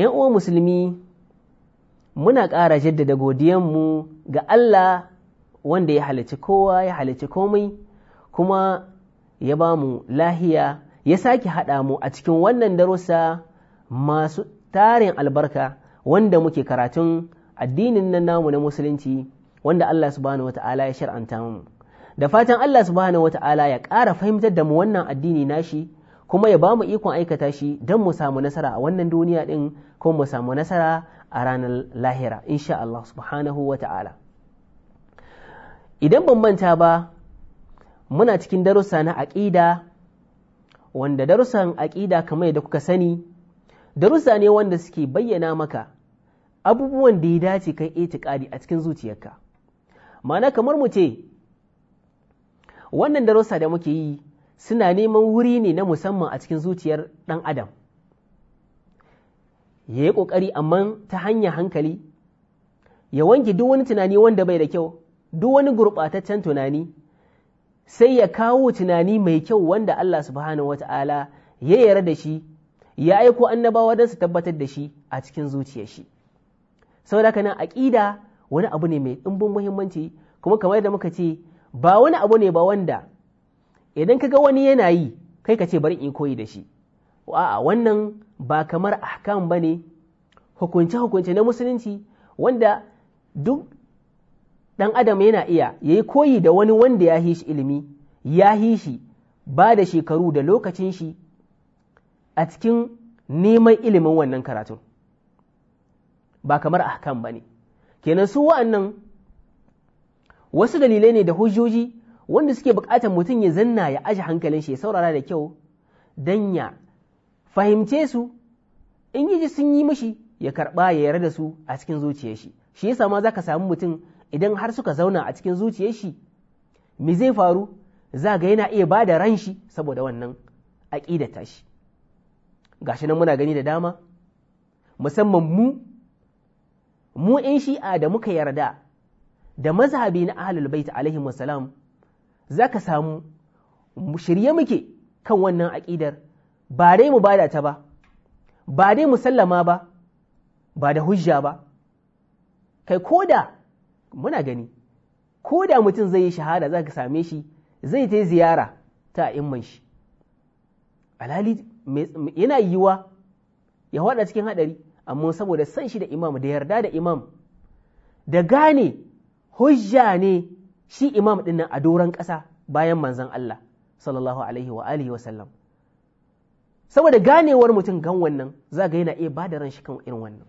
‘yan uwan musulmi muna ƙara jaddada godiyanmu ga Allah wanda ya halicci kowa ya halicci komai kuma ya ba mu lahiya ya sake haɗa mu a cikin wannan darussa masu tarin albarka wanda muke karatun addinin nan namu na musulunci wanda Allah subhanahu wata'ala ya shar'anta mu da fatan Allah subhanahu wata'ala ya ƙara fahimtar da mu wannan addini nashi kuma ya bamu ikon aikata shi don mu samu nasara a wannan duniya ɗin kuma mu samu nasara a ranar lahira insha Allah subhanahu wa ta'ala idan ban manta ba muna cikin darussa na aƙida wanda darussan aƙida kamar yadda kuka sani darussa ne wanda suke bayyana maka abubuwan da ya dace kai itikadi a cikin zuciyarka ma'ana kamar mu ce wannan darussa da muke yi suna neman wuri ne na musamman a cikin zuciyar ɗan adam ya yi ƙoƙari amma ta hanyar hankali ya wanke duk wani tunani wanda bai da kyau duk wani gurɓataccen tunani sai ya kawo tunani mai kyau wanda Allah subhanahu wata'ala ya yara da shi ya aiko annabawa don su tabbatar da shi a cikin zuciyar shi sau da nan aƙida wani abu ne mai ɗumbin muhimmanci kuma kamar da muka ce ba wani abu ne ba wanda idan ka ga wani yana yi kai ka ce bari in koyi da shi a'a wannan ba kamar ahkam ba ne hukunce-hukunce na musulunci wanda duk ɗan adam yana iya ya yi koyi da wani wanda ya hi shi ilimi ya hi shi ba da shekaru da lokacin shi a cikin neman ilimin wannan karatu. ba kamar ahkam ba ne kenan su wa'annan wasu dalilai ne da hujjoji wanda suke buƙatar mutum ya zanna ya aji hankalin shi ya saurara da kyau don ya fahimce su in yi sun yi mishi ya karɓa ya yarda da su a cikin zuciyar shi shi yasa ma za ka samu mutum idan har suka zauna a cikin zuciyar shi me zai faru za ga yana iya ba da ran shi saboda wannan aƙida shi gashi nan muna gani da dama musamman mu mu 'yan shi'a da muka yarda da mazhabi na ahlul bait alaihi wasalam za ka samu shirye muke kan wannan aƙidar ba dai mu bada ta ba ba dai mu sallama ba ba da hujja ba kai koda muna gani koda mutum zai yi shahada za ka same shi zai ta ziyara ta imman shi alhali yana yiwa ya hada cikin hadari amma saboda san shi da imam da yarda da imam da gane hujja ne shi imam ɗin nan a doron ƙasa bayan manzon Allah sallallahu alaihi wa alihi sallam saboda ganewar mutum gan wannan za ga yana iya ba da ran shi kan irin wannan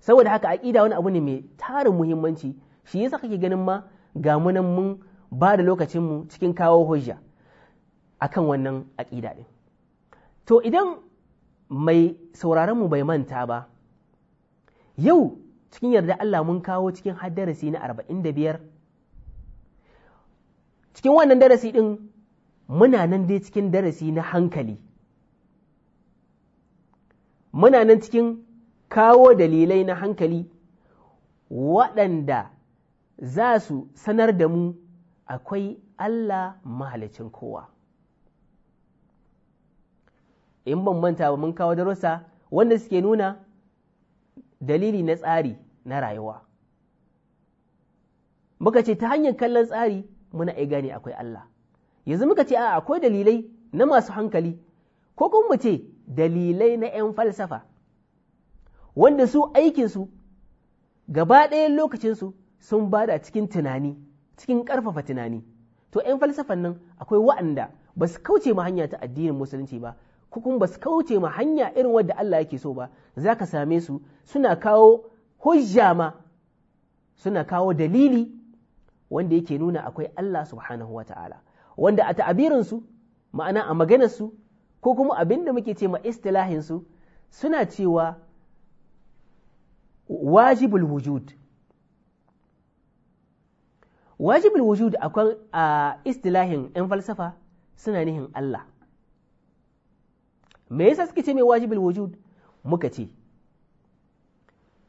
saboda haka aƙida wani abu ne mai tarin muhimmanci shi yasa kake ganin ma ga munan mun ba da lokacinmu cikin kawo hujja akan wannan aqida ɗin to idan mai sauraron mu bai manta ba yau cikin yarda Allah mun kawo cikin haddarasi na arba'in da biyar cikin wannan darasi ɗin muna nan dai cikin darasi na hankali muna nan cikin kawo dalilai na hankali waɗanda za su sanar da mu akwai Allah mahalicin kowa in ban manta ba mun kawo darussa wanda suke nuna dalili na tsari na rayuwa muka ce ta hanyar kallon tsari muna ai gane akwai Allah yanzu muka ce a akwai dalilai na masu hankali ko kuma mu ce dalilai na 'yan falsafa wanda su aikinsu gaba ɗayan lokacinsu sun bada cikin tunani cikin ƙarfafa tunani to 'yan falsafan nan akwai wa'anda ba su kauce ma hanya ta addinin musulunci ba ko kuma ba su kauce ma hanya irin wadda Allah yake so ba za ka same su suna kawo hujja ma suna kawo dalili wanda yake nuna akwai Allah subhanahu wa ta'ala wanda a ta'abirinsu ma'ana a maganarsu ko kuma abin da muke ce ma istilahinsu suna cewa wajibul wujud wajibul wujud akwai a istilahin 'yan falsafa suna nihin Allah me yasa suke ce mai wajibul wujud muka ce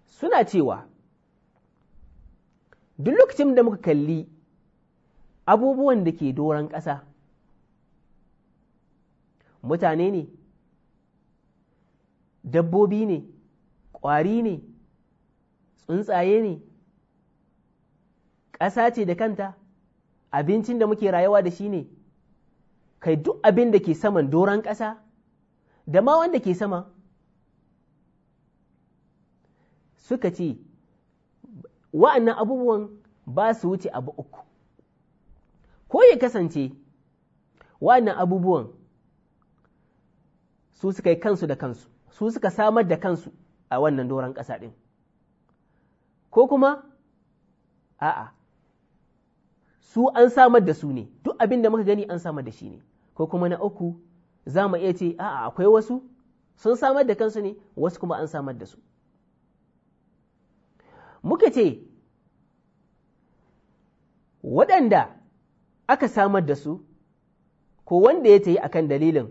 suna cewa duk lokacin da muka kalli abubuwan da ke doron ƙasa mutane ne dabbobi ne ƙwari ne tsuntsaye ne ƙasa ce da kanta abincin da muke rayuwa da shi ne kai duk abin da ke saman doron ƙasa da ma wanda ke sama suka ce wa'annan abubuwan ba su wuce abu uku ko ya kasance wa'annan abubuwan su suka yi kansu da kansu su suka samar da kansu a wannan doron ƙasa ɗin ko kuma a'a su an samar da su ne duk abin da muka gani an samar da shi ne ko kuma na uku za mu iya ce a'a akwai wasu sun samar da kansu ne wasu kuma an samar da su muka ce waɗanda aka samar da su ko wanda ya tayi akan dalilin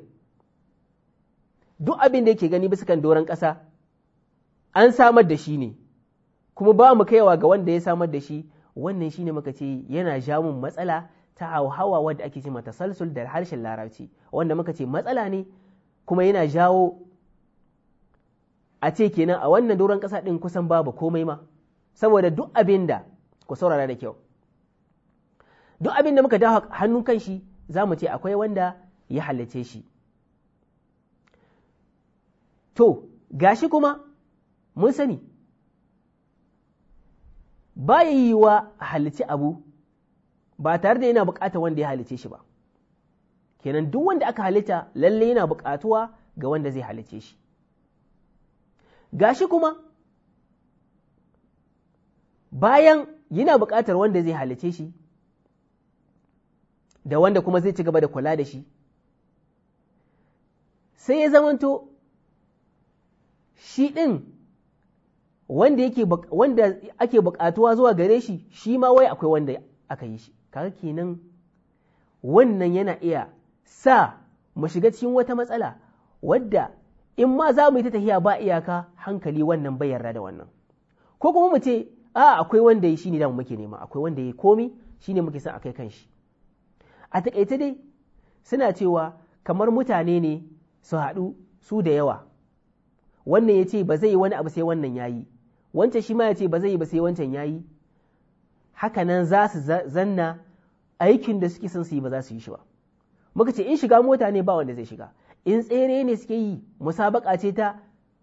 duk abin da yake gani bisa kan doron ƙasa an samar da shi ne kuma ba mu kaiwa ga wanda ya samar da shi wannan shi ne muka ce yana jamun matsala ta hauhawa wadda ake ce mata salsul da harshen larabci wanda muka ce matsala ne kuma yana jawo a ce kenan a wannan doron ƙasa ɗin kusan babu komai ma saboda duk abin da ku saurara da kyau duk abin da muka dawo hannun kan shi za mu ce akwai wanda ya halarce shi to gashi kuma mun sani ba ya yi wa halarci abu ba tare da yana bukata wanda ya halarce shi ba kenan duk wanda aka halitta lalle yana bukatuwa ga wanda zai halarce shi gashi kuma bayan yana buƙatar wanda zai halice shi da wanda kuma zai ci gaba da kula da shi sai ya zamanto shi ɗin wanda ake buƙatuwa zuwa gare shi shi ma wai akwai wanda aka yi shi kaga kenan wannan yana iya sa mu shiga cikin wata matsala wadda in ma za mu yi ta tahiya ba iyaka hankali wannan bayyana da wannan ko kuma mu ce a akwai wanda yi shine da muke nema akwai wanda yi komi shine muke son akai kanshi a takaice dai suna cewa kamar mutane ne su haɗu su da yawa wannan ya ce ba zai yi wani abu sai wannan ya yi wancan shi ma ya ce ba zai yi ba sai wancan ya yi haka nan za su zanna aikin da suke son su yi ba za su yi shi ba muka ce in shiga mota ne ba wanda zai shiga in tsere ne suke yi musabaka ce ta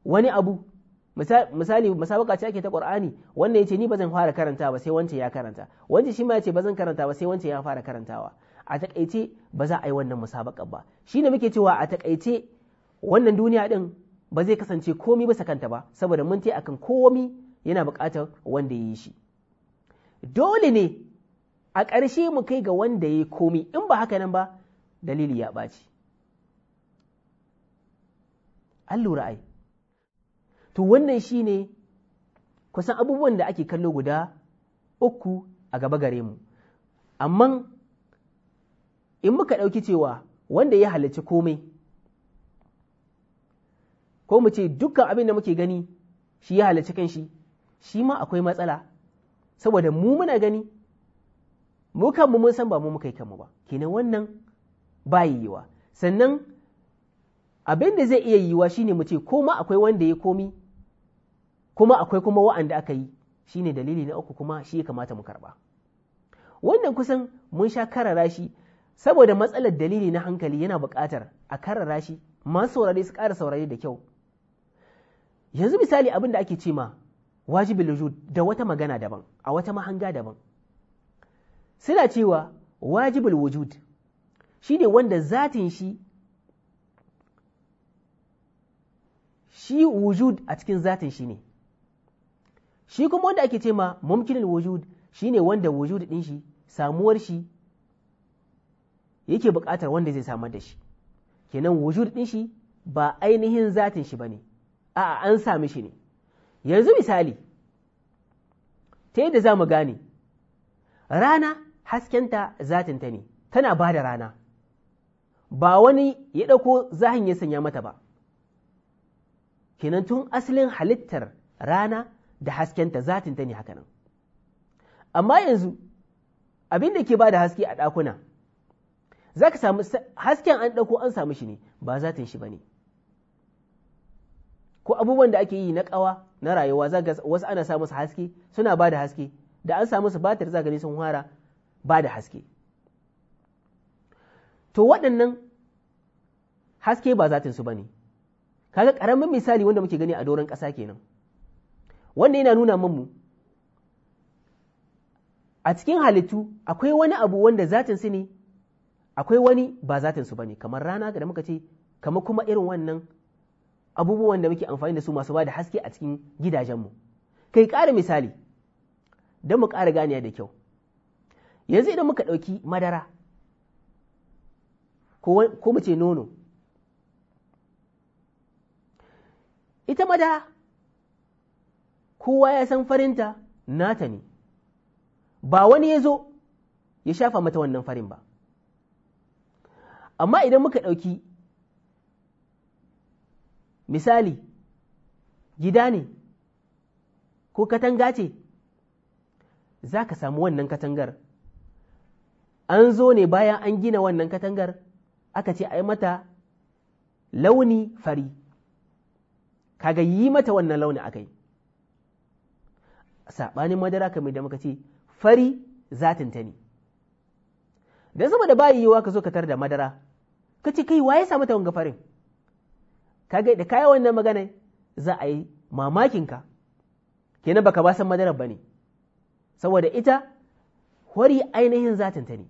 wani abu misali musabaka ce ake ta qur'ani wanda yace ni bazan fara karanta ba sai wancan ya karanta wancan shi ma yace bazan karanta ba sai wancan ya fara karantawa a takaice ba za a yi wannan musabaka ba Shi shine muke cewa a takaice wannan duniya din ba zai kasance komi ba kanta ba saboda mun akan komi yana buƙatar wanda ya yi shi dole ne a ƙarshe mu kai ga wanda ya yi komi in ba haka nan ba dalili ya ɓaci an lura ai to wannan shi ne kusan abubuwan da ake kallo guda uku a gaba gare mu amma in muka ɗauki cewa wanda ya halarci komai ko mu ce dukkan abin da muke gani shi ya halarci kanshi shi ma akwai matsala saboda mu muna gani mu kanmu mun san ba mu muka yi kanmu ba kenan wannan ba yiwa. sannan abin da zai iya yiwa shi ne mu ce ko ma akwai wanda ya komi kuma akwai kuma wa'anda aka yi shi ne dalili na uku kuma shi ya kamata mu karba wannan kusan mun sha karara shi saboda matsalar dalili na hankali yana buƙatar a karara shi masu saurare su ƙara saurare da kyau yanzu misali abin da ake ce ma wajibin lujud da wata magana daban a wata mahanga daban suna cewa wajibul wujud shi ne wanda zatin shi shi wujud a cikin zatin shi ne shi kuma wanda ake ce ma mumkinul wujud shine wanda wujud din shi samuwar shi yake buƙatar wanda zai samar da shi kenan wujud din shi ba ainihin zatin shi bane a'a an sami shi ne yanzu misali ta yadda za mu gane rana haskenta ta ne tana ba da rana ba wani ya ɗauko zahin ya sanya mata ba kenan tun asalin halittar rana da haskenta ta ne hakanan amma yanzu abin da ke ba da haske a ɗakuna za ka samu hasken an ɗauko an samu shi ne ba zatin shi ba ne ko abubuwan da ake yi na kawa na rayuwa za wasu ana samu su haske suna ba da haske da an samu su batir za gani sun hara ba da haske to waɗannan haske ba zatin su ba ne kaga ƙaramin misali wanda muke gani a doron ƙasa kenan wanda yana nuna mu a cikin halittu akwai wani abu wanda zatin su ne akwai wani ba zatin su bane kamar rana da muka ce kamar kuma irin wannan abubuwan da muke amfani da su masu ba da haske a cikin gidajenmu kai kara misali don mu kara ganiya da kyau yanzu idan muka ɗauki madara ko mu ce nono ita madara kowa ya san farinta nata ne ba wani ya zo ya shafa mata wannan farin ba amma idan muka ɗauki misali gida ne ko katanga ce za ka samu wannan katangar an zo ne bayan an gina wannan katangar aka ce a yi mata launi fari kaga yi mata wannan launi a kai. saɓanin madara kamar da muka ce fari zatin ta ne don sama da bayi yiwuwa ka zo ka tar da madara ka ce kai waye samu ta wanga farin Ka ga da kayan wannan magana za a yi mamakin ka kenan baka ba san madarar ne. saboda ita hori ainihin zatin ta ne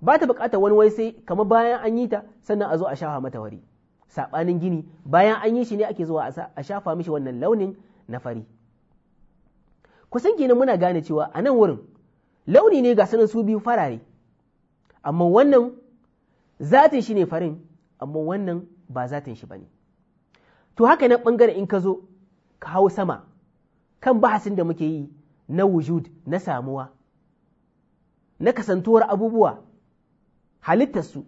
ba ta bukata wani wai sai kamar bayan an yi ta sannan a zo a shafa mata hori saɓanin gini bayan an yi shi ne ake zuwa a shafa mishi wannan launin na fari kusan kenan muna gane cewa a nan wurin launi ne ga sanin su biyu farare amma wannan zatin shi ne farin amma wannan ba zatin shi ba ne to haka nan ɓangaren in ka zo ka hau sama kan bahasin da muke yi na wujud na samuwa na kasantuwar abubuwa halittarsu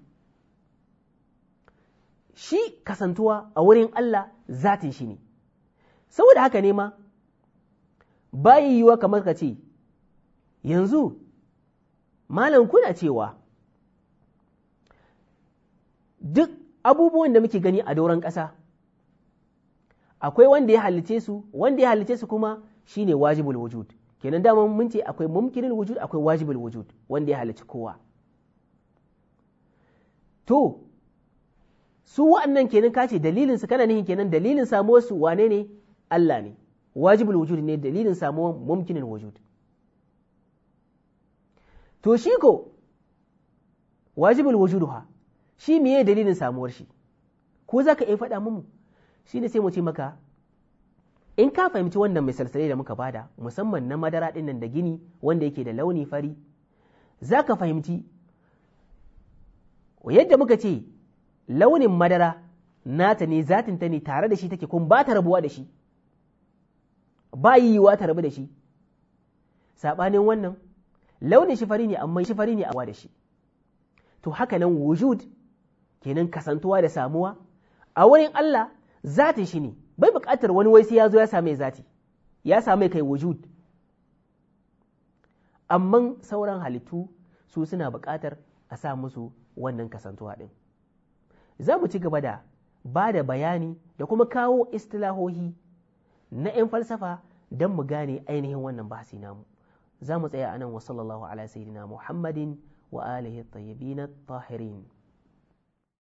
shi kasantuwa a wurin Allah zatin shi ne saboda haka ne ma bai yiwuwa kamar ka ce yanzu malam kuna cewa duk abubuwan da muke gani a doron ƙasa akwai wanda ya halice su wanda ya halice su kuma shi ne wajibul wujud kenan daman mun akwai mumkinin wujud akwai wajibul wujud wanda ya halici kowa to su wa'annan kenan kace dalilinsu kana nihin kenan dalilin samuwar wane ne Allah ne wajibul wujud ne dalilin samuwar mumkinin wujud to shi ko Wajibin wujud ha shi meye dalilin samuwar shi ko za ka iya faɗa mu shi ne sai mu ce maka in ka fahimci wannan misalsalai da muka bada musamman na madara ɗin nan da gini wanda yake da launi fari za ka fahimci yadda muka ce launin madara nata ne zatin ta ne tare da shi take kun ba ta rabuwa da shi ba yiwuwa ta rabu da shi saɓanin wannan launin shi fari ne amma shifari ne a da shi to haka nan wujud kenan kasantuwa da samuwa a wurin Allah zatin shi ne bai buƙatar wani wai sai ya zo ya same zati ya same kai wujud amma sauran halittu su suna buƙatar a sa musu wannan kasantuwa ɗin za mu ci gaba da ba da bayani da kuma kawo istilahohi na 'yan falsafa don mu gane ainihin wannan bahasi namu za mu tsaya anan wa sallallahu ala sayyidina muhammadin wa alihi tayyibin tahirin